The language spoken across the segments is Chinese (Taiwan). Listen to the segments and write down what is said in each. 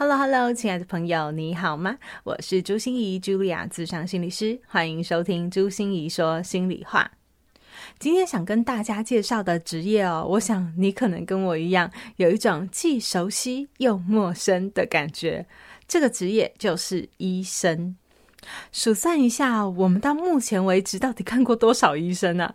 Hello，Hello，hello, 親愛的朋友，你好嗎？我是朱芯儀，茱莉亞諮商心理師，歡迎收聽朱芯儀說心裡話。今天想跟大家介紹的職業哦，我想你可能跟我一樣，有一種既熟悉又陌生的感覺。這個職業就是醫生。數算一下，我們到目前為止到底看過多少醫生呢，啊？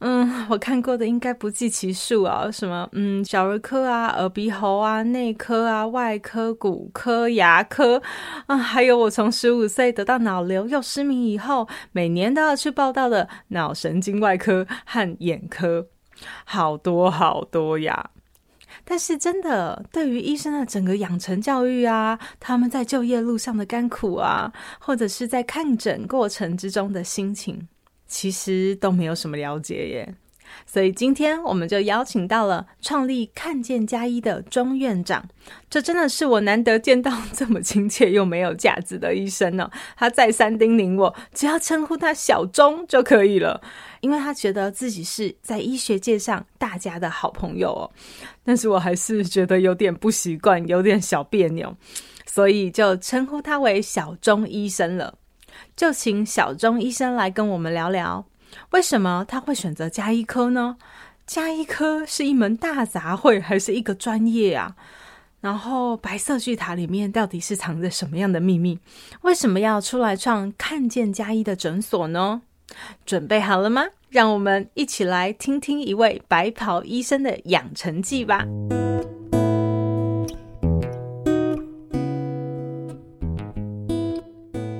嗯，我看過的應該不計其數啊，什麼嗯，小兒科啊，耳鼻喉啊，內科啊，外科、骨科、牙科啊、嗯，還有我從十五歲得到腦瘤又失明以後，每年都要去報到的腦神經外科和眼科，好多好多呀。但是真的，對於醫生的整個養成教育啊，他們在就業路上的甘苦啊，或者是在看診過程之中的心情。其實都沒有什麼了解耶，所以今天我們就邀請到了創立看見佳醫的鍾院長。這真的是我難得見到這麼親切又沒有架子的醫生呢、啊。他再三叮嚀我，只要稱呼他小鍾就可以了，因為他覺得自己是在醫學界上大家的好朋友哦。但是我還是覺得有點不習慣，有點小彆扭，所以就稱呼他為小鍾醫生了。就請小鍾醫生來跟我們聊聊，為什麼他會選擇家醫科呢？家醫科是一門大雜燴還是一個專業啊？然後白色巨塔裡面到底是藏着什麼樣的祕密？為什麼要出來創看見佳醫的診所呢？準備好了嗎？讓我們一起來聽聽一位白袍醫生的養成記吧。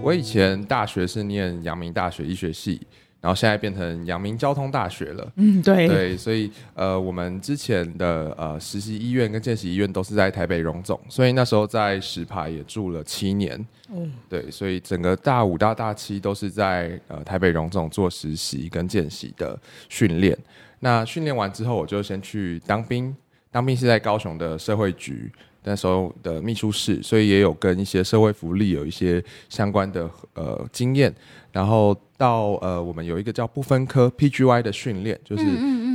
我以前大學是念陽明大學醫學系，然後現在變成陽明交通大學了。嗯，對，對，所以呃，我們之前的呃實習醫院跟見習醫院都是在台北榮總，所以那時候在石牌也住了七年。哦，嗯，對，所以整個大五、大六、大七都是在呃台北榮總做實習跟見習的訓練。那訓練完之後，我就先去當兵，當兵是在高雄的社會局。那時候的秘書室，所以也有跟一些社會福利有一些相關的呃經驗。然後到呃，我們有一個叫不分科 PGY 的訓練，就是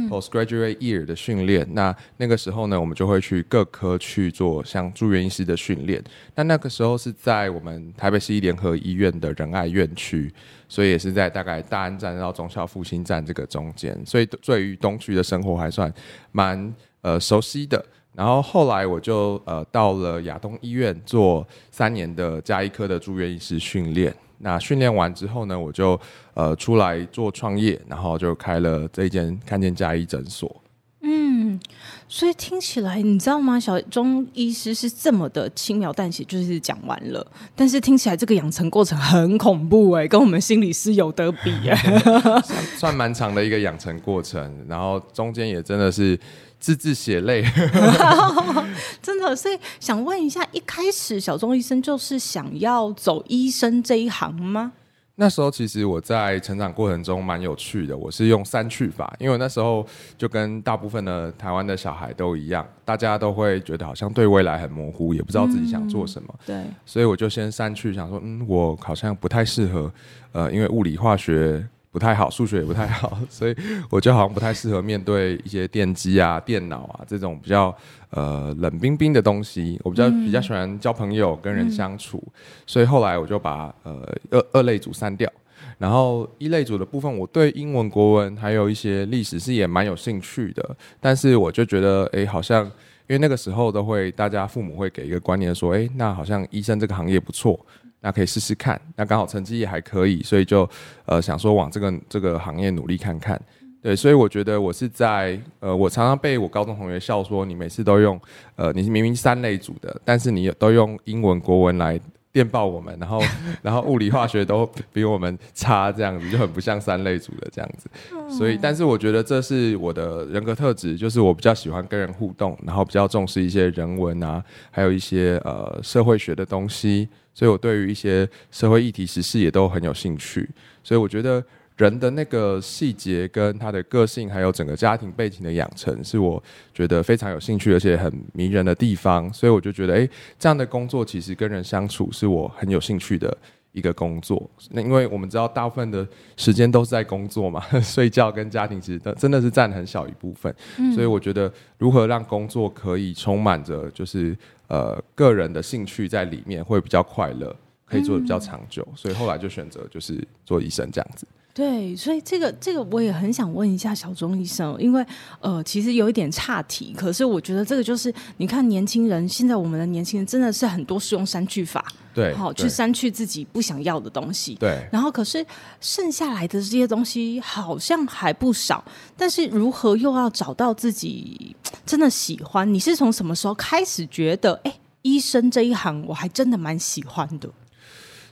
postgraduate year 的訓練。那那個時候呢，我們就會去各科去做像住院醫師的訓練。那那個時候是在我們台北市立聯合醫院的仁愛院區，所以也是在大概大安站到忠孝復興站這個中間，所以對於東區的生活還算蠻呃熟悉的。然後後來我就呃到了亞東醫院做三年的家醫科的住院醫師訓練。那訓練完之後呢，我就呃出來做創業，然後就開了這間看見佳醫診所。嗯。所以聽起來，你知道嗎？小鍾醫師是這麼的輕描淡寫，就是講完了。但是聽起來這個養成過程很恐怖哎、欸，跟我們心理師有得比哎、欸 算算蠻長的一個養成過程，然後中間也真的是字字血淚， 真的。所以想問一下，一開始小鍾醫生就是想要走醫生這一行嗎？那時候其實我在成長過程中蠻有趣的，我是用刪去法，因為我那時候就跟大部分的台灣的小孩都一樣，大家都會覺得好像對未來很模糊，也不知道自己想做什麼，嗯、對，所以我就先刪去，想說，嗯，我好像不太適合，呃，因為物理化學。不太好，數學也不太好，所以我就好像不太適合面對一些電機啊、電腦啊這種比較呃冷冰冰的東西。我比較、嗯、比較喜歡交朋友，跟人相處。嗯、所以後來我就把呃二二類組刪掉，然後一類組的部分，我對英文、國文還有一些歷史是也蠻有興趣的。但是我就覺得，哎、欸，好像因為那個時候都會，大家父母會給一個觀念說，哎、欸，那好像醫生這個行業不錯。那可以試試看。那剛好成績也還可以，所以就呃想說往這個這個行業努力看看。對，所以我覺得我是在呃，我常常被我高中同學笑說，你每次都用呃，你是明明三類組的，但是你都用英文、國文來電報我們，然後然後物理、化學都比我們差這樣子，就很不像三類組的這樣子。所以，但是我覺得這是我的人格特質，就是我比較喜歡跟人互動，然後比較重視一些人文啊，還有一些呃社會學的東西。所以，我對於一些社會議題、時事也都很有興趣。所以，我覺得人的那個細節、跟他的個性，還有整個家庭背景的養成，是我覺得非常有興趣，而且很迷人的地方。所以，我就覺得，誒，這樣的工作其實跟人相處，是我很有興趣的。一個工作，那因為我們知道大部分的時間都是在工作嘛，呵呵，睡覺跟家庭其實真的是占很小一部分，嗯，所以我覺得如何讓工作可以充滿着就是呃個人的興趣在裡面會比較快樂，可以做得比較長久，嗯，所以後來就選擇就是做醫生這樣子。對，所以這個這個我也很想問一下小鍾醫生，因為呃，其實有一點岔題，可是我覺得這個就是，你看年輕人現在我們的年輕人真的是很多是用刪去法，對，好對去刪去自己不想要的東西，對，然後可是剩下來的這些東西好像還不少，但是如何又要找到自己真的喜歡？你是從什麼時候開始覺得，哎，醫生這一行我還真的蠻喜歡的？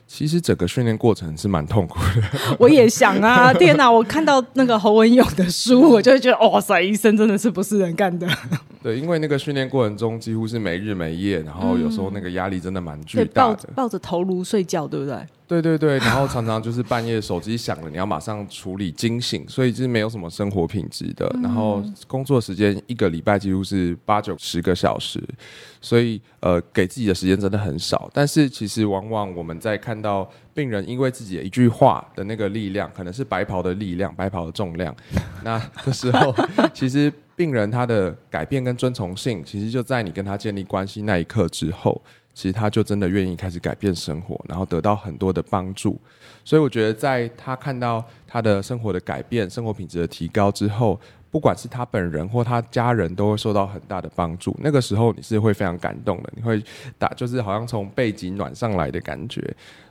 其實整個訓練過程是蠻痛苦的。我也想啊，天 哪！我看到那個侯文詠的書，我就會覺得，哇塞，醫生真的是不是人幹的。對，因為那個訓練過程中幾乎是沒日沒夜，然後有時候那個壓力真的蠻巨大的，嗯、抱抱着頭顱睡覺，對不對？對對對，然後常常就是半夜手機響了，你要馬上處理驚醒，所以是沒有什麼生活品質的，嗯。然後工作時間一個禮拜幾乎是八九十個小時，所以呃，給自己的時間真的很少。但是其實往往我們在看到病人因為自己的一句話的那個力量，可能是白袍的力量，白袍的重量，那這時候， 其實病人他的改變跟遵從性，其實就在你跟他建立關係那一刻之後。其實他就真的願意開始改變生活，然後得到很多的幫助。所以我覺得，在他看到他的生活的改變、生活品質的提高之後，不管是他本人或他家人，都會受到很大的幫助。那個時候你是會非常感動的，你會打就是好像從背脊暖上來的感覺。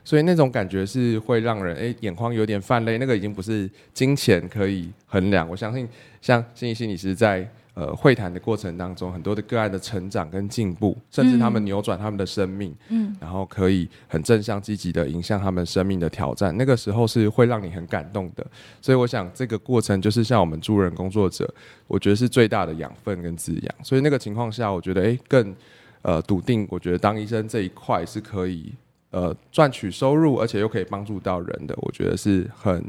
所以那種感覺是會讓人誒、欸，眼眶有點泛淚。那個已經不是金錢可以衡量。我相信像芯儀，你是在。呃，會談的過程當中，很多的個案的成長跟進步，甚至他們扭轉他們的生命，嗯，然後可以很正向積極的迎向他們生命的挑戰，那個時候是會讓你很感動的。所以，我想這個過程就是像我們助人工作者，我覺得是最大的養分跟滋養。所以那個情況下，我覺得，哎，更呃篤定，我覺得當醫生這一塊是可以呃賺取收入，而且又可以幫助到人的，我覺得是很。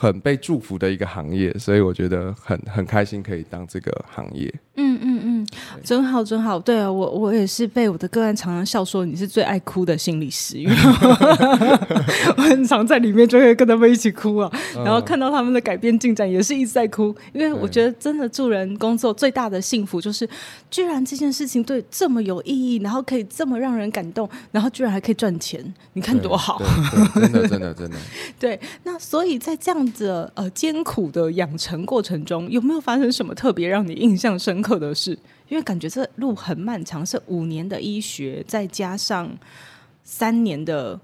很被祝福的一個行業，所以我覺得很很開心可以當這個行業。嗯嗯嗯，真好真好。對啊，我我也是被我的個案常常笑說，你是最愛哭的心理師。我， 我很常在裡面就會跟他們一起哭啊，哦，然後看到他們的改變進展也是一直在哭，因為我覺得真的助人工作最大的幸福就是，居然這件事情對這麼有意義，然後可以這麼讓人感動，然後居然還可以賺錢，你看多好！真的真的真的。真的 對，那所以在這樣。這呃艱苦的養成過程中，有沒有發生什麼特別讓你印象深刻的事？因為感覺這路很漫長，是五年的醫學，再加上三年的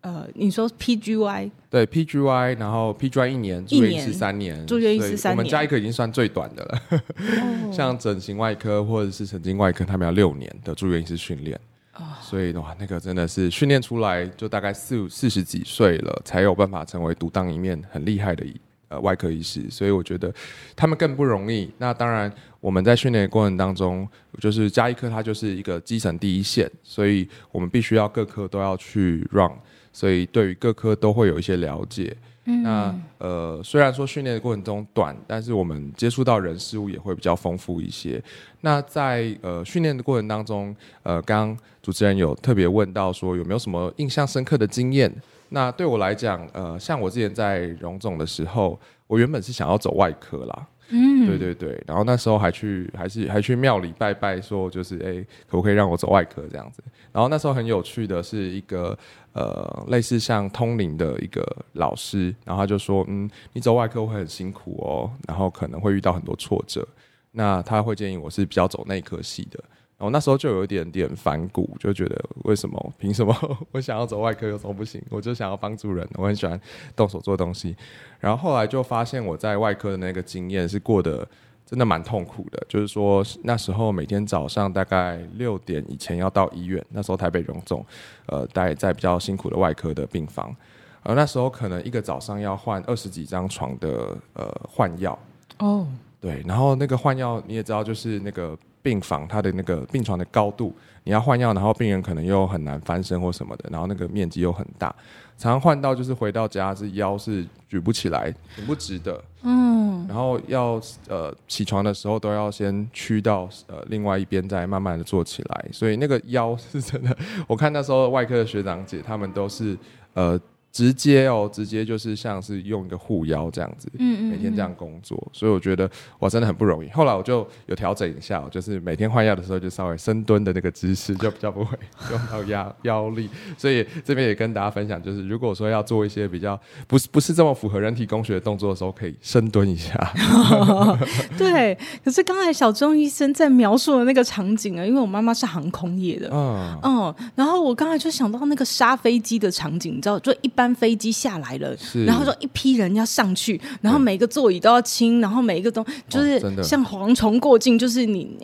呃，你說 PGY 對 PGY，然後 PGY 一年，一年三年住院醫師三年，年三年我們加一個已經算最短的了。哦、 像整形外科或者是神經外科，他們要六年的住院醫師訓練。所以的話，那個真的是訓練出來就大概四五四十幾歲了，才有辦法成為獨當一面很厲害的呃外科醫師。所以我覺得他們更不容易。那當然我們在訓練的過程當中，就是家醫科，它就是一個基層第一線，所以我們必須要各科都要去 run，所以對於各科都會有一些了解。那呃，雖然說訓練的過程中短，但是我們接觸到人事物，也會比較豐富一些。那在呃訓練的過程當中，呃，剛主持人有特別問到說有沒有什麼印象深刻的經驗？那對我來講，呃，像我之前在榮總的時候，我原本是想要走外科啦。嗯，對對對，然後那時候還去，還是還去廟裡拜拜，說就是，哎，可不可以讓我走外科這樣子？然後那時候很有趣的是，一個呃類似像通靈的一個老師，然後他就說，嗯，你走外科會很辛苦哦，然後可能會遇到很多挫折，那他會建議我是比較走內科系的。然後那時候就有一點點反骨，就覺得為什麼憑什麼我想要走外科有什麼不行？我就想要幫助人，我很喜歡動手做東西。然後後來就發現我在外科的那個經驗是過得真的蠻痛苦的，就是說那時候每天早上大概六點以前要到醫院，那時候台北榮總，呃，待在比較辛苦的外科的病房，呃，那時候可能一個早上要換二十幾張床的呃換藥哦，oh. 對，然後那個換藥你也知道就是那個。病房它的那個病床的高度，你要換藥，然後病人可能又很難翻身或什麼的，然後那個面積又很大，常常換到就是回到家是腰是舉不起來，挺不直的，嗯，然後要呃起床的時候都要先屈到呃另外一邊，再慢慢的坐起來，所以那個腰是真的，我看那時候外科的學長姐他們都是呃。直接哦，直接就是像是用一個護腰這樣子，嗯，嗯，嗯，每天這樣工作，所以我覺得我真的很不容易。後來我就有調整一下、哦，就是每天換藥的時候就稍微深蹲的那個姿勢，就比較不會用到腰腰力。 所以這邊也跟大家分享，就是如果說要做一些比較不是不是這麼符合人體工學的動作的時候，可以深蹲一下。 哦、對，可是剛才小鍾醫生在描述的那個場景啊，因為我媽媽是航空業的，嗯嗯，然後我剛才就想到那個殺飛機的場景，你知道，就一般。飛機下來了，然後就一批人要上去，然後每個座椅都要清，然後每一個都就是像蝗蟲過境，就是你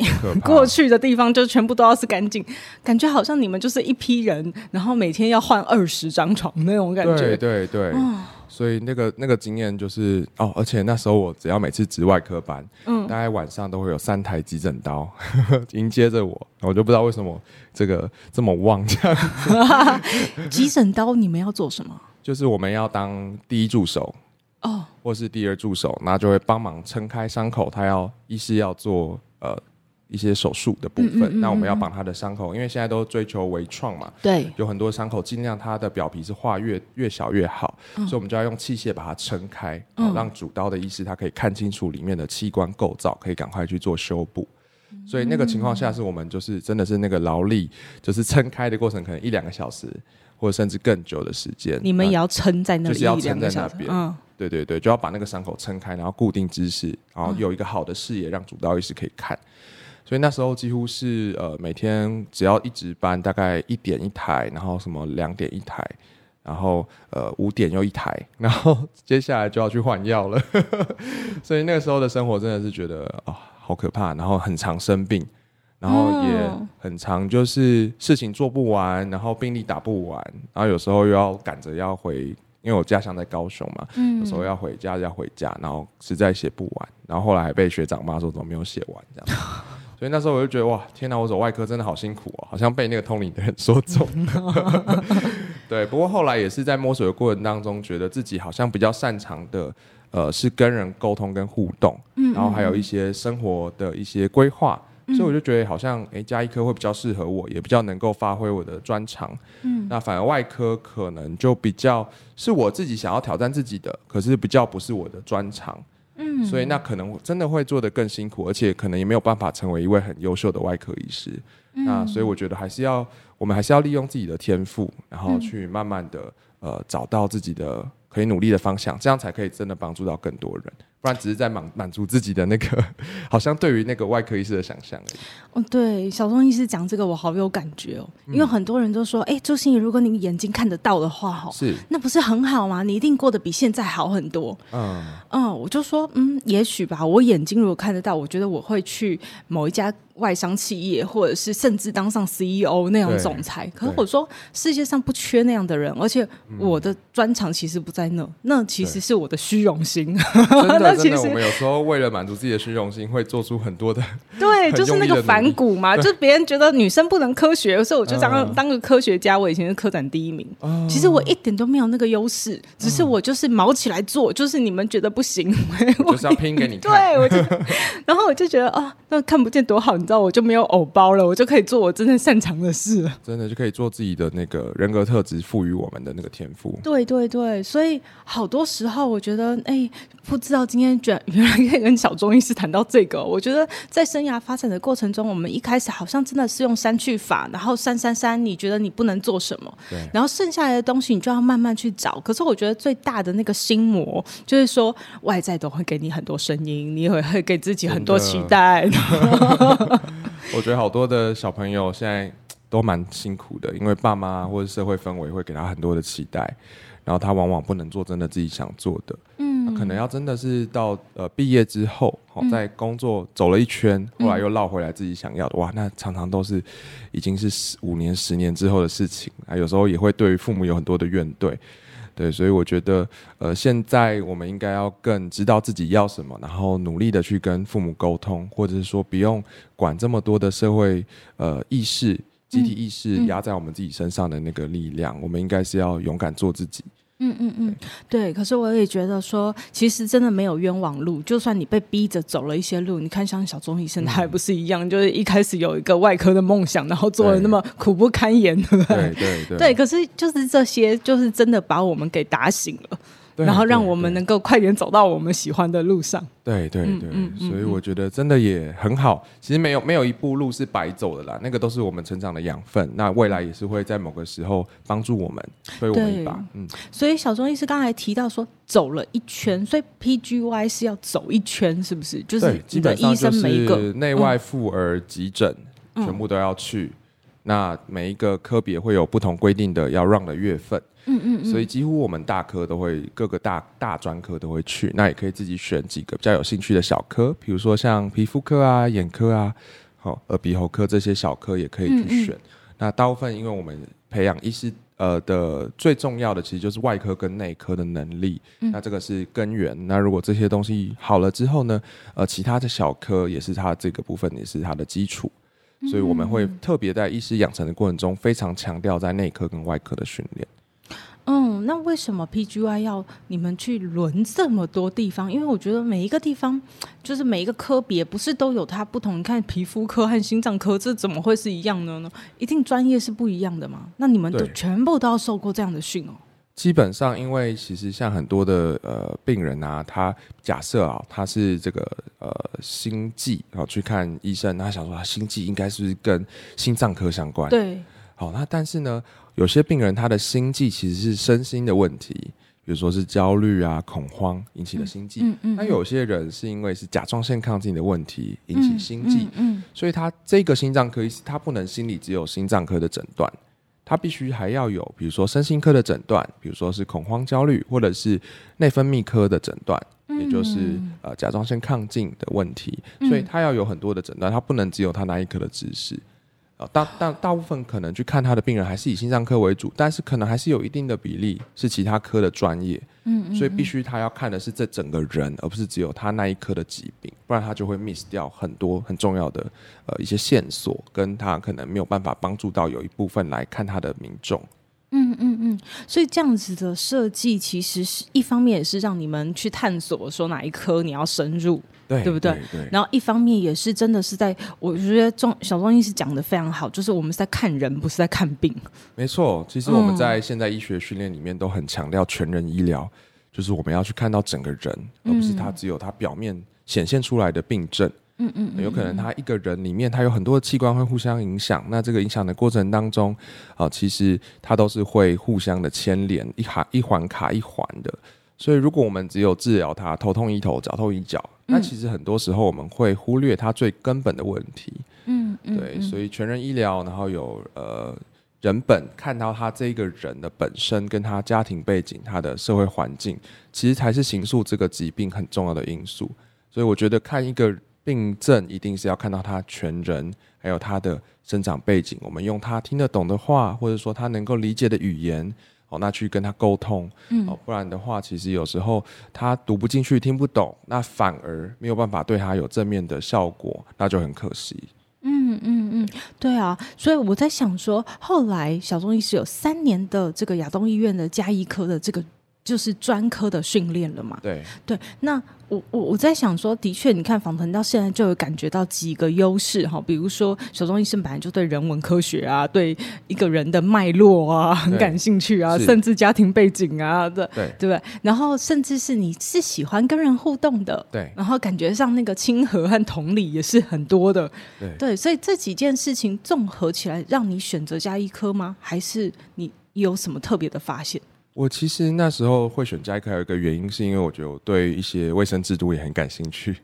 過去的地方就全部都要是乾淨，感覺好像你們就是一批人，然後每天要換二十張床那種感覺，對對對。對哦所以那個那個經驗就是哦，而且那時候我只要每次值外科班，嗯，大概晚上都會有三台急診刀呵呵迎接着我，我就不知道為什麼這個這麼旺這樣。 急診刀你們要做什麼？就是我們要當第一助手哦，oh. 或是第二助手，那就會幫忙撐開傷口。他要一是要做呃。一些手術的部分，嗯嗯嗯嗯，那我們要綁他的傷口，因為現在都追求微創嘛，對，有很多傷口儘量它的表皮是畫越越小越好，哦，所以我們就要用器械把它撐開，哦，讓主刀的醫師他可以看清楚裡面的器官構造，可以趕快去做修補。所以那個情況下是我們就是真的是那個勞力，就是撐開的過程可能一兩個小時，或者甚至更久的時間，你們也要撐在那裡一兩個小時，就是要撐在那邊。嗯、哦，對對對，就要把那個傷口撐開，然後固定姿勢，然後有一個好的視野讓主刀醫師可以看。所以那時候幾乎是呃每天只要一值班，大概一點一台，然後什麼兩點一台，然後呃五點又一台，然後接下來就要去換藥了。 所以那個時候的生活真的是覺得啊、哦、好可怕，然後很常生病，然後也很常就是事情做不完，然後病歷打不完，然後有時候又要趕着要回，因為我家鄉在高雄嘛，有時候要回家就要回家，然後實在寫不完，然後後來還被學長罵說怎麼沒有寫完這樣。所以那時候我就覺得哇，天哪！我走外科真的好辛苦哦、啊，好像被那個通靈的人說中了。 對，不過後來也是在摸索的過程當中，覺得自己好像比較擅長的，呃，是跟人溝通跟互動，嗯嗯，然後還有一些生活的一些規劃、嗯。所以我就覺得好像，哎、欸，家醫科會比較適合我，也比較能夠發揮我的專長、嗯。那反而外科可能就比較是我自己想要挑戰自己的，可是比較不是我的專長。嗯，所以那可能真的會做得更辛苦，而且可能也沒有辦法成為一位很優秀的外科醫師。嗯，那所以我覺得還是要，我們還是要利用自己的天賦，然後去慢慢的，嗯。呃，找到自己的可以努力的方向，這樣才可以真的幫助到更多人。不然只是在滿滿足自己的那個，好像對於那個外科醫師的想象。哦，對，小鍾醫師講這個我好有感覺哦、喔嗯，因為很多人都說：“哎、欸，朱芯儀，如果你眼睛看得到的話，哈，是那不是很好嗎？你一定過得比現在好很多。嗯”嗯嗯，我就說：“嗯，也許吧。我眼睛如果看得到，我覺得我會去某一家。”外商企業，或者是甚至當上 CEO 那樣的總裁，可是我說世界上不缺那樣的人，而且我的專長其實不在那，那其實是我的虛榮心 真的，真的，那其實。我們有時候為了滿足自己的虛榮心，會做出很多的。對，就是那個反骨嘛，就別人覺得女生不能科學，所以我就當當個科學家。我以前是科展第一名，嗯，其實我一點都沒有那個優勢，嗯，只是我就是毛起來做，就是你們覺得不行，我就是要拼給你看。 對，我就 然後我就覺得啊，那看不見多好。然我就沒有偶包了，我就可以做我真正擅長的事了。真的就可以做自己的那個人格特質賦予我們的那個天賦。對對對，所以好多時候我覺得，哎、欸，不知道今天居然原來可以跟小鍾醫師談到這個。我覺得在生涯發展的過程中，我們一開始好像真的是用刪去法，然後刪刪刪，你覺得你不能做什麼，然後剩下來的東西你就要慢慢去找。可是我覺得最大的那個心魔，就是說外在都會給你很多聲音，你也會會給自己很多期待。 我覺得好多的小朋友現在都蠻辛苦的，因為爸媽或者社會氛圍會給他很多的期待，然後他往往不能做真的自己想做的，嗯，啊、可能要真的是到呃畢業之後，在工作走了一圈，嗯、後來又繞回來自己想要的，哇，那常常都是已經是五年、十年之後的事情啊，有時候也會對於父母有很多的怨懟。對，所以我覺得，呃，現在我們應該要更知道自己要什麼，然後努力的去跟父母溝通，或者是說不用管這麼多的社會，呃，意識、集體意識壓在我們自己身上的那個力量，嗯嗯、我們應該是要勇敢做自己。嗯嗯嗯對，對，可是我也覺得說，其實真的沒有冤枉路，就算你被逼着走了一些路，你看像小鍾醫生，他還不是一樣、嗯，就是一開始有一個外科的夢想，然後做了那麼苦不堪言，對，呵呵，對對對，對，可是就是這些，就是真的把我們給打醒了。然後讓我們能夠快點走到我們喜歡的路上。對對對，對，嗯，所以我覺得真的也很好。嗯嗯，其實沒有沒有一步路是白走的啦，那個都是我們成長的養分。那未來也是會在某個時候幫助我們，推我們一把，嗯。所以小鍾醫師剛才提到說，走了一圈，嗯，所以 PGY 是要走一圈，是不是？就是醫生每一個基本上就是內外婦兒急診、嗯，全部都要去。那每一個科別會有不同規定的要 run 的月份，嗯，嗯嗯，所以幾乎我們大科都會各個大大專科都會去，那也可以自己選幾個比較有興趣的小科，比如說像皮膚科啊、眼科啊、好耳鼻喉科這些小科也可以去選。嗯嗯，那大部分因為我們培養醫師呃的最重要的其實就是外科跟內科的能力，嗯，那這個是根源。那如果這些東西好了之後呢，呃，其他的小科也是它這個部分也是它的基礎。所以我們會特別在醫師養成的過程中，非常強調在內科跟外科的訓練。嗯，那為什麼 PGY 要你們去輪這麼多地方？因為我覺得每一個地方就是每一個科別不是都有它不同。你看皮膚科和心臟科，這怎麼會是一樣的呢？一定專業是不一樣的嘛？那你們就全部都要受過這樣的訓哦。基本上，因為其實像很多的呃病人啊，他假設啊，他是這個呃心悸啊去看醫生，那他想說他心悸應該是不是跟心臟科相關？對。好、喔，那但是呢，有些病人他的心悸其實是身心的問題，比如說是焦慮啊、恐慌引起的心悸。嗯嗯。那、嗯、有些人是因為是甲狀腺亢進的問題引起心悸、嗯嗯嗯，所以他這個心臟科醫生他不能心裡只有心臟科的診斷。他必須還要有，比如說身心科的診斷，比如說是恐慌焦慮，或者是內分泌科的診斷，嗯，也就是呃甲狀腺亢進的問題，所以他要有很多的診斷，嗯，他不能只有他那一科的知識。大大大部分可能去看他的病人還是以心臟科為主，但是可能還是有一定的比例是其他科的專業，嗯，嗯，嗯，所以必須他要看的是這整個人，而不是只有他那一科的疾病，不然他就會 miss 掉很多很重要的呃一些線索，跟他可能沒有辦法幫助到有一部分來看他的民眾。嗯嗯嗯，所以這樣子的設計其實是一方面也是讓你們去探索說哪一科你要深入，對對不對，對，對？然後一方面也是真的是在我覺得鍾小鍾醫師講得非常好，就是我們是在看人，不是在看病。沒錯，其實我們在現代醫學訓練裡面都很強調全人醫療，嗯，就是我們要去看到整個人，而不是他只有他表面顯現出來的病症。嗯嗯，嗯，有可能他一個人裡面，他有很多的器官會互相影響。那這個影響的過程當中，啊、呃，其實他都是會互相的牽連，一卡一環卡一環的。所以，如果我們只有治療他頭痛醫頭，腳痛醫腳，那、嗯、其實很多時候我們會忽略他最根本的問題。嗯，對。所以，全人醫療，然後有呃人本，看到他這個人的本身跟他家庭背景、他的社會環境、嗯，其實才是形塑這個疾病很重要的因素。所以，我覺得看一個。病症一定是要看到他全人，還有他的生長背景。我們用他聽得懂的話，或者說他能夠理解的語言，哦，那去跟他溝通、嗯。哦，不然的話，其實有時候他讀不進去，聽不懂，那反而沒有辦法對他有正面的效果，那就很可惜。嗯嗯嗯，對啊。所以我在想說，後來小鍾醫師是有三年的這個亞東醫院的家醫科的這個。就是專科的訓練了嘛？對對，那我我我在想說，的確，你看訪談到現在，就有感覺到幾個優勢齁，比如說，小鍾醫生本來就對人文科學啊，對一個人的脈絡啊很感興趣啊，甚至家庭背景啊，對對對，然後甚至是你是喜歡跟人互動的，對，然後感覺上那個親和和同理也是很多的，對，對，所以這幾件事情綜合起來，讓你選擇家醫科嗎？還是你有什麼特別的發現？我其實那時候會選家醫科，有一個原因是因為我覺得我對一些衛生制度也很感興趣。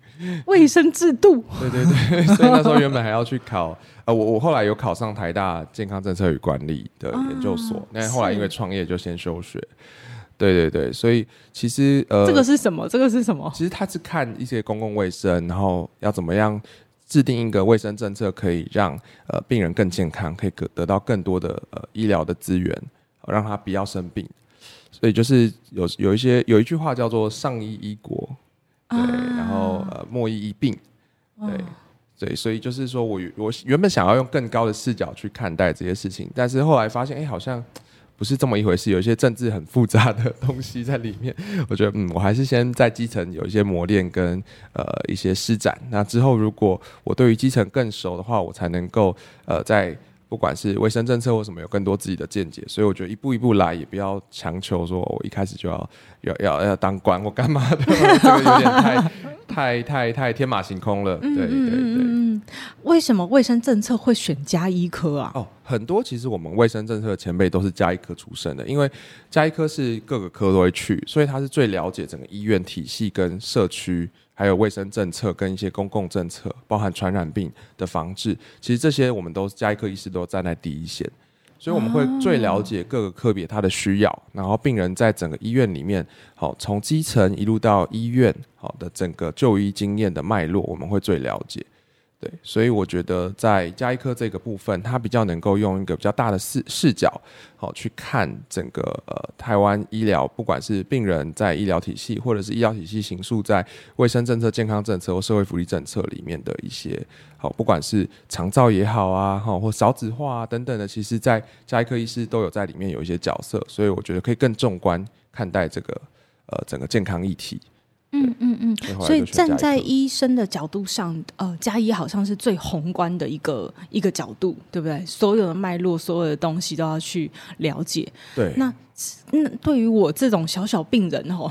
衛生制度， 對對對，所以那時候原本還要去考啊，我、 呃、我後來有考上台大健康政策與管理的研究所，啊、但後來因為創業就先休學。對對對，所以其實呃，這個是什麼？這個是什麼？其實他是看一些公共衛生，然後要怎麼樣制定一個衛生政策，可以讓呃病人更健康，可以得得到更多的呃醫療的資源，讓他不要生病。所以就是有有一些有一句話叫做“上醫醫國”，對，啊、然後呃“末醫醫病”，對、哦、對，所以就是說我我原本想要用更高的視角去看待這些事情，但是後來發現，哎、欸，好像不是這麼一回事，有一些政治很複雜的東西在裡面。我覺得，嗯，我還是先在基層有一些磨練跟呃一些施展，那之後如果我對於基層更熟的話，我才能夠呃在。不管是衛生政策或什麼，有更多自己的見解，所以我覺得一步一步來，也不要強求說我一開始就要要要要當官或幹嘛的， 這個有點太太太太天馬行空了、嗯。對對對，為什麼衛生政策會選家醫科啊？哦，很多其實我們衛生政策的前輩都是家醫科出身的，因為家醫科是各個科都會去，所以他是最了解整個醫院體系跟社區。還有衛生政策，跟一些公共政策，包含傳染病的防治，其實這些我們都家醫科醫師都站在第一線，所以我們會最了解各個科別他的需要，啊，然後病人在整個醫院裡面，好從基層一路到醫院，好的整個就醫經驗的脈絡，我們會最了解。對，所以我覺得在家醫科這個部分，它比較能夠用一個比較大的視視角，好、哦、去看整個呃台灣醫療，不管是病人在醫療體系，或者是醫療體系形塑在衛生政策、健康政策或社會福利政策裡面的一些好、哦，不管是長照也好啊，好、哦、或少子化、啊、等等的，其實在家醫科醫師都有在裡面有一些角色，所以我覺得可以更縱觀看待這個呃整個健康議題。嗯嗯嗯，所以站在醫生的角度上，呃，家醫好像是最宏觀的一個一個角度，對不對？所有的脈絡，所有的東西都要去了解。對，那那對於我這種小小病人哦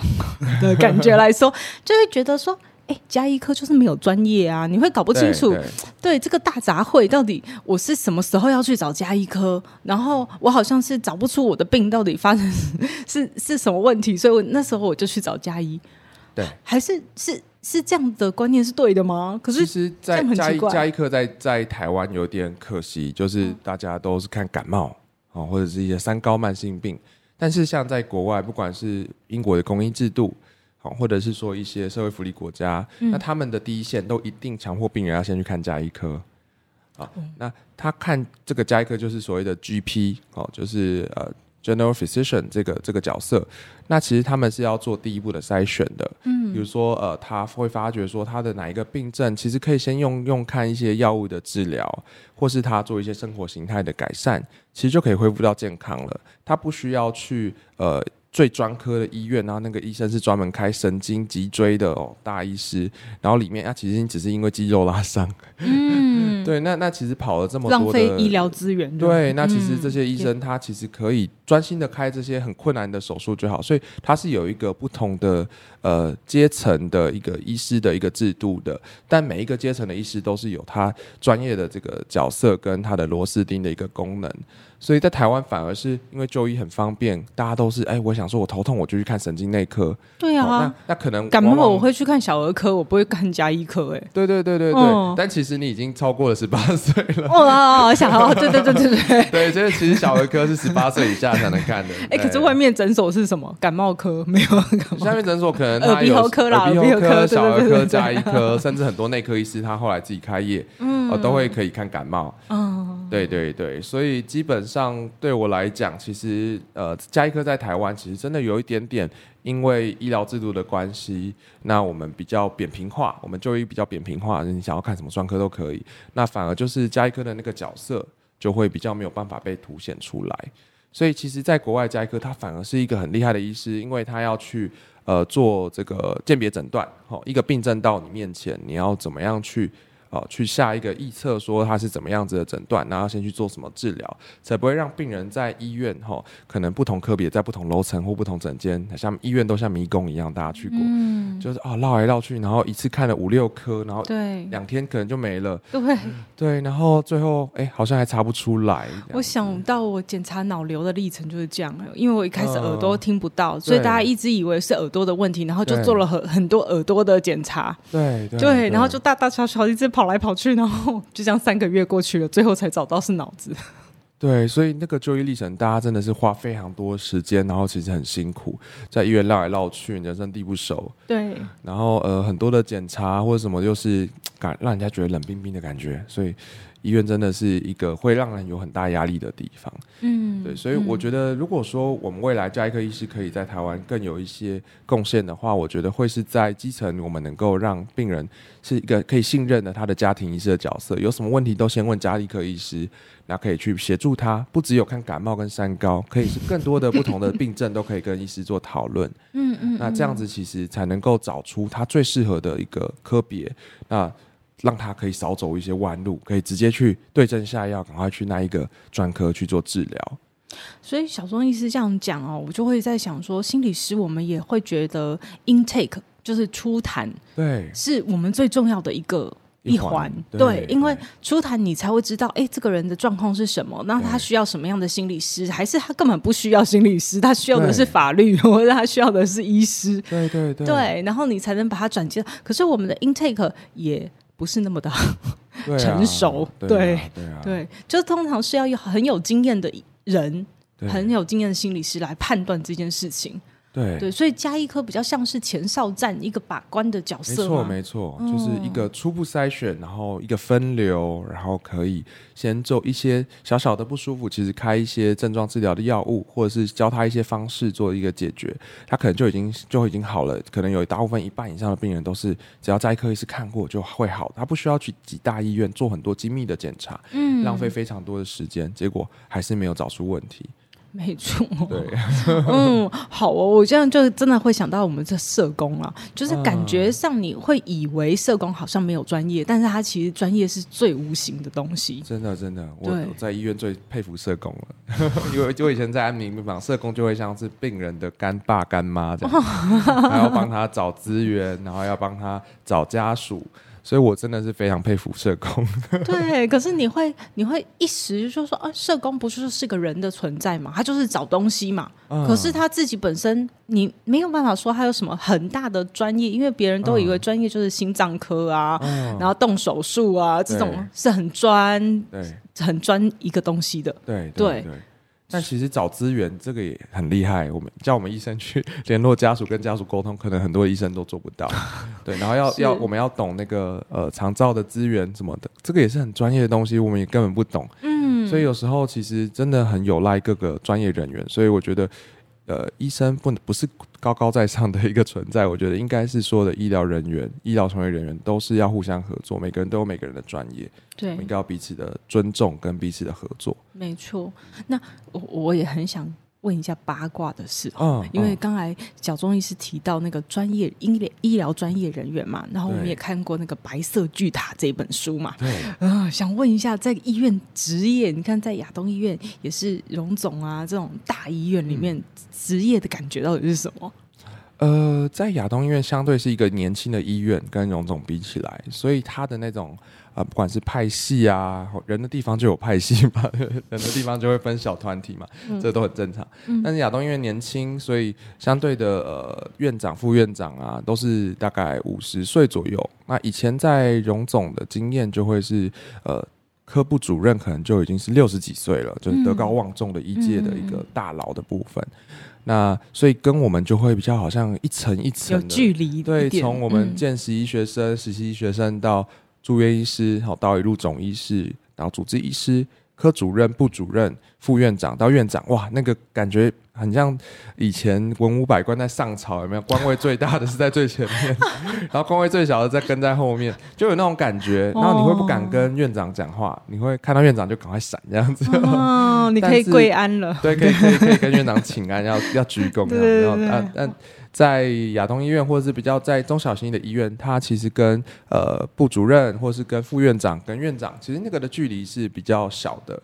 的感覺來說， 就會覺得說，哎、欸，家醫科就是沒有專業啊，你會搞不清楚。對，對對這個大雜燴到底我是什麼時候要去找家醫科？然後我好像是找不出我的病到底發生是是，是什麼問題，所以我那時候我就去找家醫。對，還是是是這樣的觀念是對的嗎？可是其實，在在，在家家醫科在在台灣有點可惜，就是大家都是看感冒或者是一些三高慢性病。但是像在國外，不管是英國的公醫制度，好，或者是說一些社會福利國家，嗯、那他們的第一線都一定強迫病人要先去看家醫科、嗯。那他看這個家醫科就是所謂的 GP 哦，就是呃。general physician 這個這個角色，那其實他們是要做第一步的篩選的，嗯，比如說呃，他會發覺說他的哪一個病症，其實可以先用用看一些藥物的治療，或是他做一些生活形態的改善，其實就可以恢復到健康了，他不需要去呃。最專科的醫院，然後那個醫生是專門開神經脊椎的哦，大醫師。然後裡面啊，其實你只是因為肌肉拉傷。嗯， 對，那那其實跑了這麼多的浪費醫療資源對不對？對，那其實這些醫生他其實可以專心的開這些很困難的手術就好，嗯嗯、好，所以他是有一個不同的呃階層的一個醫師的一個制度的，但每一個階層的醫師都是有他專業的這個角色跟他的螺絲釘的一個功能。所以在台灣反而是因為就醫很方便，大家都是哎、欸，我想說我頭痛我就去看神經內科。對啊，哦、那那可能汪汪感冒我會去看小兒科，我不會看家醫科哎。對對對對對,對,、哦、對，但其實你已經超過了十八歲了哦,哦,哦，哦，哦， 對對對對對，對，所以其實小兒科是十八歲以下才能看的。哎、欸，可是外面診所是什麼？感冒科沒有感冒科？下面診所可能有耳鼻喉科啦，耳鼻喉科、喉科對對對對小兒科、對對對對家醫科，甚至很多內科醫師他後來自己開業，嗯，呃、都會可以看感冒、嗯。對對對，所以基本上。上對我來講，其實呃，家醫科在台灣其實真的有一點點，因為醫療制度的關係，那我們比較扁平化，我們就醫比較扁平化，你想要看什麼專科都可以，那反而就是家醫科的那個角色就會比較沒有辦法被凸顯出來。所以其實，在國外家醫科他反而是一個很厲害的醫師，因為他要去呃做這個鑑別診斷，好，一個病症到你面前，你要怎麼樣去？好去下一個臆測，說他是怎麼樣子的診斷，然後先去做什麼治療，才不會讓病人在醫院哈、哦，可能不同科別在不同樓層或不同診間，像醫院都像迷宮一樣，大家去過，嗯、就是啊繞、哦、來繞去，然後一次看了五六科，然後對兩天可能就沒了，對，嗯、對，然後最後哎好像還查不出來。我想到我檢查腦瘤的歷程就是這樣，因為我一開始耳朵聽不到、呃，所以大家一直以為是耳朵的問題，然後就做了很很多耳朵的檢查，對對、對，然後就大大小小一直跑。跑來跑去，然後就這樣三個月過去了，最後才找到是腦子。對，所以那個就醫歷程，大家真的是花非常多時間，然後其實很辛苦，在醫院繞來繞去，人生地不熟。對，然後呃，很多的檢查或者什麼、就是，又是感讓人家覺得冷冰冰的感覺，所以。醫院真的是一個會讓人有很大壓力的地方，嗯，對，所以我覺得，如果說我們未來家醫科醫師可以在台灣更有一些貢獻的話，我覺得會是在基層，我們能夠讓病人是一個可以信任的他的家庭醫師的角色，有什麼問題都先問家醫科醫師，那可以去協助他，不只有看感冒跟三高，可以是更多的不同的病症都可以跟醫師做討論，嗯嗯，那這樣子其實才能夠找出他最適合的一個科別，那。讓他可以少走一些彎路，可以直接去對症下藥，趕快去那一個專科去做治療。所以小鍾醫師這樣講哦，我就會在想說，心理師我們也會覺得 intake 就是初談，對，是我們最重要的一個一環，一環，對，對，對，因為初談你才會知道，哎，這個人的狀況是什麼，那他需要什麼樣的心理師，還是他根本不需要心理師，他需要的是法律，或者他需要的是醫師，對對對，對，然後你才能把他轉接。可是我們的 intake 也不是那麼的、啊、 成熟，對對、啊對、啊、對，就通常是要有很有經驗的人，很有經驗的心理師來判斷這件事情。對對，所以家醫科比較像是前哨站一個把關的角色，沒錯沒錯，就是一個初步篩選、嗯，然後一個分流，然後可以先做一些小小的不舒服，其實開一些症狀治療的藥物，或者是教他一些方式做一個解決，他可能就已經就已經好了。可能有大部分一半以上的病人都是只要在家醫科醫師看過就會好，他不需要去幾大醫院做很多精密的檢查，嗯、浪費非常多的時間，結果還是沒有找出問題。沒錯、哦，對 嗯，好哦，我這樣就真的會想到我們這社工啊，就是感覺上你會以為社工好像沒有專業，嗯、但是他其實專業是最無形的東西。真的，真的，我，我在醫院最佩服社工了，因為因為我以前在安寧病房，社工就會像是病人的乾爸乾媽這樣，然 後幫他找資源， 然後要幫他找家屬。所以我真的是非常佩服社工。對，可是你會你會一時就說啊、哦，社工不是就是個人的存在嘛？他就是找東西嘛、嗯。可是他自己本身，你沒有辦法說他有什麼很大的專業，因為別人都以為專業就是心臟科啊，嗯嗯、然後動手術啊，這種是很專，很專一個東西的。對對。對對但其實找資源這個也很厲害，我們叫我們醫生去聯絡家屬、跟家屬溝通，可能很多醫生都做不到。對，然後要要我們要懂那個呃，長照的資源什麼的，這個也是很專業的東西，我們也根本不懂。嗯，所以有時候其實真的很有賴各個專業人員，所以我覺得。呃，醫生不不是高高在上的一個存在，我覺得應該是說的醫療人員、醫療從業人員都是要互相合作，每個人都有每個人的專業，對，應該要彼此的尊重跟彼此的合作。沒錯，那我我也很想。問一下八卦的事，嗯，因為剛才小鍾醫師提到那個專業醫療、嗯、醫療專業人員嘛，然後我們也看過那個《白色巨塔》這本書嘛，對、呃、想問一下，在醫院職業，你看在亞東醫院也是榮總啊這種大醫院裡面，嗯，職業的感覺到底是什麼？呃，在亞東醫院相對是一個年輕的醫院，跟榮總比起來，所以他的那種。啊、呃，不管是派系啊，人的地方就有派系嘛， 人的地方就會分小團體嘛、嗯，這都很正常。嗯、但是亞東因為年輕，所以相對的呃，院長、副院長啊，都是大概五十歲左右。那以前在榮總的經驗就會是，呃，科部主任可能就已經是六十幾歲了，就是德高望重的一屆的一個大佬的部分。嗯嗯、那所以跟我們就會比較好像一層一層的距離，對，從我們見習醫學生、嗯、實習醫學生到。住院醫師，好，到一路總醫師，然後主治醫師、科主任、部主任。副院長到院長，哇，那個感覺很像以前文武百官在上朝，有沒有？官位最大的是在最前面， 然後官位最小的在跟在後面，就有那種感覺，哦。然後你會不敢跟院長講話，你會看到院長就趕快閃這樣子。哦，你可以跪安了。對，可以可以可以跟院長請安，要要鞠躬。 對，對，對，對。然後但但在亞東醫院，或者是比較在中小型的醫院，他其實跟呃部主任，或是跟副院長、跟院長，其實那個的距離是比較小的。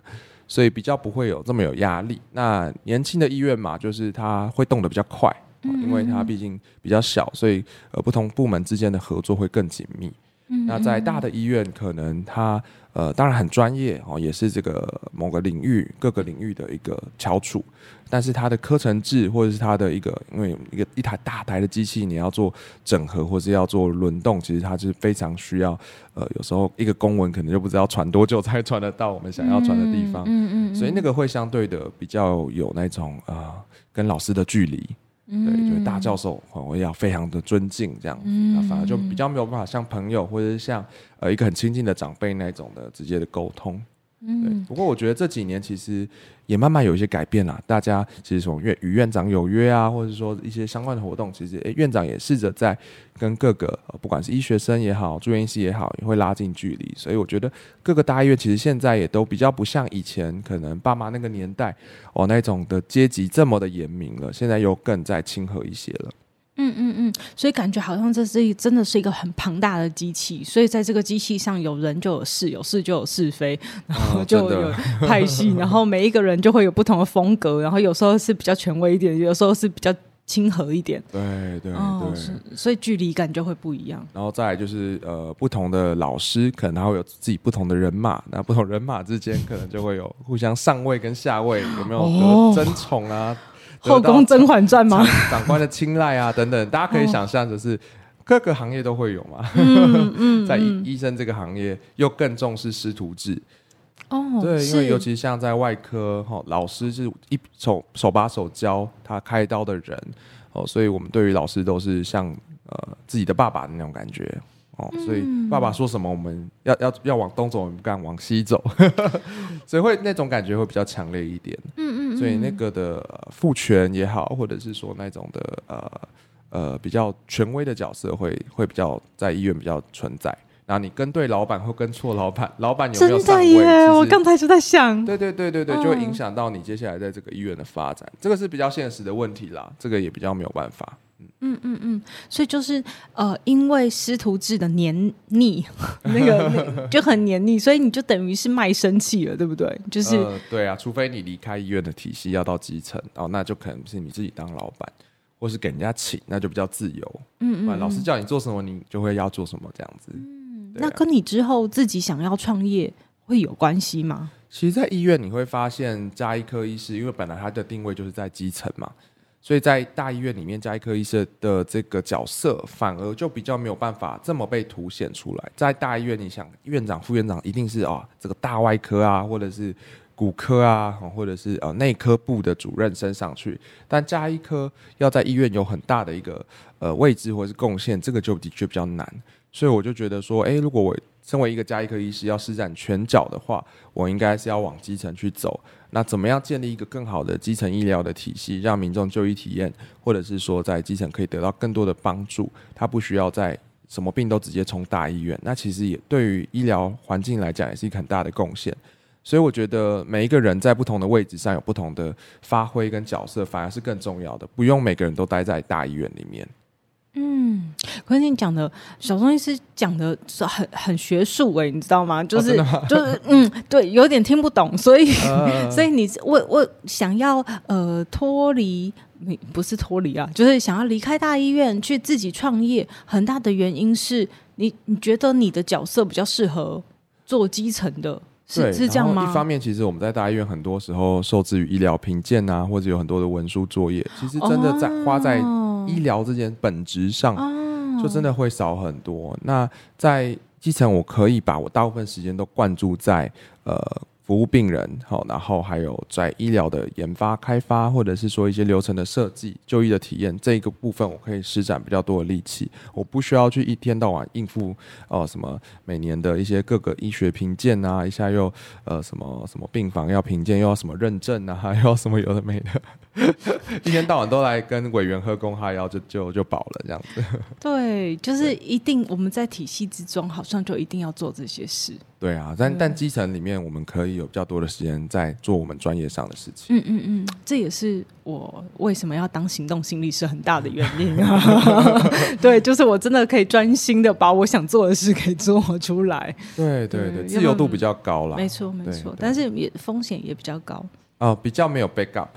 所以比較不會有這麼有壓力。那年輕的醫院嘛，就是它會動得比較快，嗯嗯，因為它畢竟比較小，所以呃不同部門之間的合作會更緊密。嗯嗯，那在大的醫院，可能它。呃，當然很專業哦，也是這個某個領域、各個領域的一個翹楚。但是它的科層制，或者是它的一個，因為一個一台大台的機器，你要做整合，或者是要做輪動，其實它是非常需要。呃，有時候一個公文可能就不知道傳多久才傳得到我們想要傳的地方。嗯嗯，嗯。所以那個會相對的比較有那種呃跟老師的距離。對，就是大教授，我也要非常的尊敬這樣子，嗯，反而就比較沒有辦法像朋友或者像呃一個很親近的長輩那種的直接的溝通。嗯，對，不過我覺得這幾年其實，也慢慢有一些改變啦，大家其實從院與院長有約啊，或者說一些相關的活動，其實、欸、院長也試着在跟各個、呃、不管是醫學生也好，住院醫師也好，也會拉近距離。所以我覺得各個大醫院其實現在也都比較不像以前，可能爸媽那個年代哦，那種的階級這麼的嚴明了，現在又更在親和一些了。嗯嗯嗯，所以感覺好像這是一，真的是一個很龐大的機器。所以在這個機器上，有人就有事，有事就有是非，然後就有派系，然後每一個人就會有不同的風格，然後有時候是比較權威一點，有時候是比較親和一點。對對、哦、對，所以距離感就會不一樣。然後再來就是呃，不同的老師可能他會有自己不同的人馬，那不同人馬之間可能就會有互相上位跟下位，有沒有得爭寵啊？哦後宮《甄嬛傳》嗎？長官的青睞啊，等等，大家可以想象，就是各個行業都會有嘛。 在醫生這個行業，又更重視師徒制。對，因為尤其像在外科，哈，老師是一手手把手教他開刀的人，哦，所以我們對於老師都是像、呃、自己的爸爸的那種感覺。哦，所以爸爸說什麼，我們要要要往東走，我們不敢往西走， 所以會那種感覺會比較強烈一點。嗯嗯，嗯，所以那個的父權也好，或者是說那種的呃呃比較權威的角色會，會會比較在醫院比較存在。然後你跟對老板或跟錯老板、嗯，老板有沒有上位？就是、我剛才就在想，對對對對對，嗯、就會影響到你接下來在這個醫院的發展，這個是比較現實的問題啦，這個也比較沒有辦法。嗯嗯嗯，所以就是呃，因為師徒制的黏膩，那個 那就很黏膩，所以你就等於是賣身契了，對不對？就是、呃、對啊，除非你離開醫院的體系，要到基層然後、哦、那就可能是你自己當老闆，或是給人家請，那就比較自由。嗯嗯，老師叫你做什麼，你就會要做什麼這樣子。嗯、啊，那跟你之後自己想要創業會有關係嗎？其實，在醫院你會發現，家醫科醫師，因為本來他的定位就是在基層嘛。所以在大醫院裡面，家醫科醫師的這個角色反而就比較沒有辦法這麼被凸顯出來。在大醫院，你想院長、副院長一定是啊、哦、這個大外科啊，或者是骨科啊，或者是呃內科部的主任升上去。但家醫科要在醫院有很大的一個呃位置或者是貢獻，這個就的確比較難。所以我就覺得說，哎，如果我身為一個家醫科醫師要施展拳腳的話，我應該是要往基層去走。那怎麼樣建立一個更好的基層醫療的體系，讓民眾就醫體驗，或者是說在基層可以得到更多的幫助？他不需要再什麼病都直接衝大醫院。那其實也對於醫療環境來講，也是一個很大的貢獻。所以我覺得每一個人在不同的位置上有不同的發揮跟角色，反而是更重要的。不用每個人都待在大醫院裡面。嗯，關鍵講的小鍾醫師講的是很很學術誒、欸，你知道嗎？就是、哦、就是，嗯，對，有點聽不懂。所以，呃、所以你我我想要呃脫離，你不是脫離啊，就是想要離開大醫院去自己創業。很大的原因是你你覺得你的角色比較適合做基層的。對是是這樣嗎？然後一方面，其實我們在大醫院，很多時候受制於醫療評鑑啊，或者有很多的文書作業，其實真的在、哦、花在醫療這件本質上，就真的會少很多。哦、那在基層，我可以把我大部分時間都灌注在呃。服務病人好、哦，然後還有在醫療的研發開發，或者是說一些流程的設計、就醫的體驗這一個部分，我可以施展比較多的力氣。我不需要去一天到晚應付哦、呃。什麼每年的一些各個醫學評鑑啊，一下又呃什麼什麼病房要評鑑，又要什麼認證啊，還要什麼有的沒的， 一天到晚都來跟委員喝公害，然後就就就飽了這樣子。對，就是一定我們在體系之中，好像就一定要做這些事。對啊，但、嗯、但基層裡面，我們可以有比較多的時間在做我們專業上的事情。嗯嗯嗯，這也是我為什麼要當行動心理師很大的原因啊。 對，就是我真的可以專心的把我想做的事給做出來。對對對，嗯、自由度比較高了。沒錯沒錯，但是也風險也比較高。啊、哦，比較沒有 backup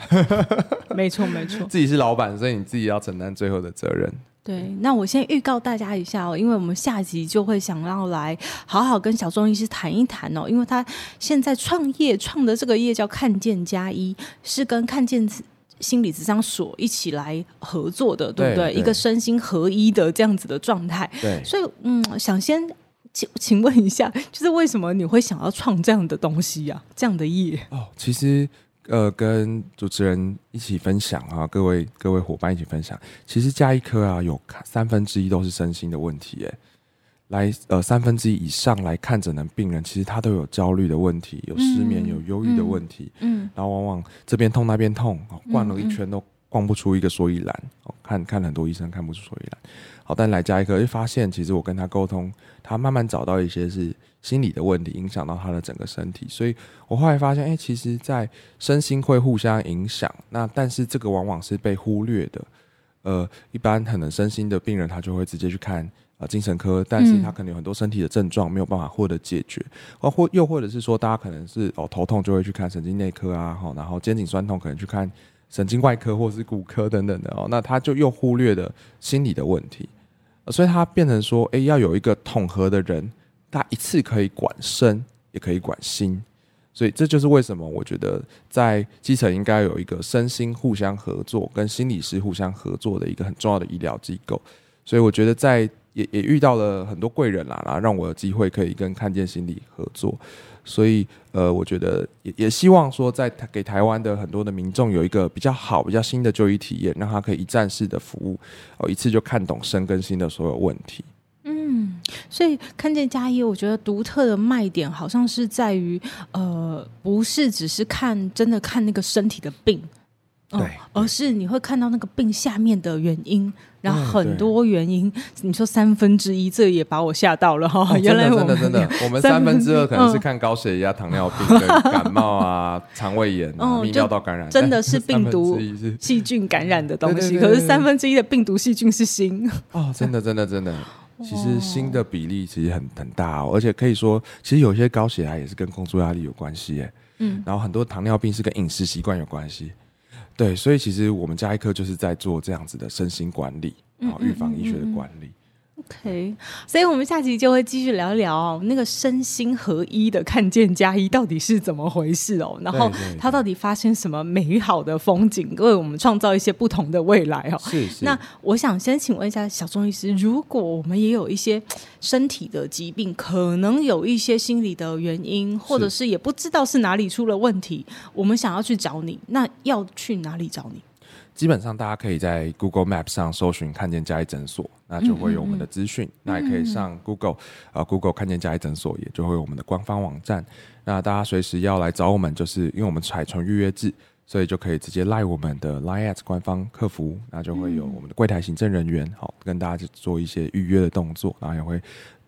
沒錯沒錯，自己是老闆，所以你自己要承擔最後的責任。對，那我先預告大家一下哦，因為我們下集就會想要來好好跟小鍾醫師談一談哦，因為他現在創業創的這個業叫“看見佳醫”，是跟“看見”心理諮商所一起來合作的，對不對，對，對？一個身心合一的這樣子的狀態。對，所以嗯，想先請請問一下，就是為什麼你會想要創這樣的東西呀、啊？這樣的業哦，其實。呃，跟主持人一起分享啊，各位各位夥伴一起分享。其實家醫科啊，有看三分之一都是身心的問題，誒，來呃三分之一以上來看診的病人，其實他都有焦慮的問題，有失眠，有憂鬱的問題，嗯，嗯嗯然後往往這邊痛那邊痛，啊，灌了一圈都。嗯嗯放不出一個所以然，看看很多醫生看不出所以然。好，但來家醫科就發現，其實我跟他溝通，他慢慢找到一些是心理的問題影響到他的整個身體。所以我後來發現，誒、欸，其實，在身心會互相影響。那但是這個往往是被忽略的。呃，一般可能身心的病人，他就會直接去看啊、呃、精神科，但是他可能有很多身體的症狀沒有辦法獲得解決，或、嗯、或又或者是說，大家可能是哦頭痛就會去看神經內科啊，然後肩頸痠痛可能去看。神經外科或是骨科等等的哦，那他就又忽略了心理的問題。啊，所以他變成說，誒，要有一個統合的人，他一次可以管身，也可以管心，所以這就是為什麼我覺得在基層應該有一個身心互相合作，跟心理師互相合作的一個很重要的醫療機構。所以我覺得在也也遇到了很多貴人啦，然後讓我有機會可以跟看見心理合作。所以，呃，我覺得也也希望說，在給台灣的很多的民眾有一個比較好、比較新的就醫體驗，讓他可以一站式的服務，哦、呃，一次就看懂、身跟心的所有問題。嗯，所以看見佳醫，我覺得獨特的賣點好像是在於，呃，不是只是看，真的看那個身體的病。哦、對、對，而是你會看到那個病下面的原因，然後很多原因。你說三分之一，這也把我嚇到了哈、哦哦。原來我們真的、真的、真的，我們三分之二可能是看高血壓、嗯、糖尿病、 感冒啊、腸胃炎、啊、泌、哦、尿道感染、哎，真的是病毒是、細菌感染的東西。對對對對，可是三分之一的病毒、細菌是心對對對對、哦、真的、真的、真的，真的，真的。其實心的比例其實很很大哦，而且可以說，其實有些高血壓也是跟工作壓力有關係耶，嗯，然後很多糖尿病是跟飲食習慣有關係。對，所以其實我們家醫科就是在做這樣子的身心管理，然後預防醫學的管理。嗯嗯嗯 OK，所以，我們下集就會繼續聊一聊、哦、那個身心合一的看見佳醫到底是怎麼回事哦。然後，它到底發生什麼美好的風景，為我們創造一些不同的未來哦。是是。那我想先請問一下小鍾醫師，如果我們也有一些身體的疾病，可能有一些心理的原因，或者是也不知道是哪裡出了問題，我們想要去找你，那要去哪裡找你？基本上大家可以在 Google Map 上搜尋看見佳醫診所，那就會有我們的資訊。嗯嗯。那也可以上 Google 嗯嗯啊 Google 看見佳醫診所，也就會有我們的官方網站。那大家隨時要來找我們，就是因為我們採純預約制，所以就可以直接賴我們的 LINE@ 官方客服，那就會有我們的櫃檯行政人員，好跟大家去做一些預約的動作，然後也會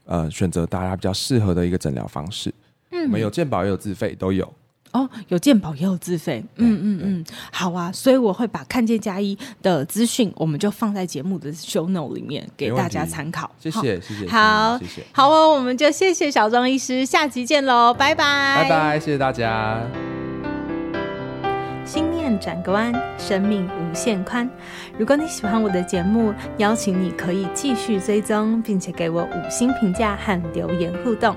呃選擇大家比較適合的一個診療方式。嗯，我們有健保也有自費，都有。哦，有健保也有自費，嗯嗯嗯，好啊，所以我會把看見佳醫的資訊，我們就放在節目的 show note 裡面給大家參考。謝謝謝謝，好謝謝好，好哦，我們就謝謝小鍾醫師，下集見嘍，拜拜拜拜，謝謝大家。心念轉個彎，生命無限寬。如果你喜歡我的節目，邀請你可以繼續追蹤，並且給我五星評價和留言互動。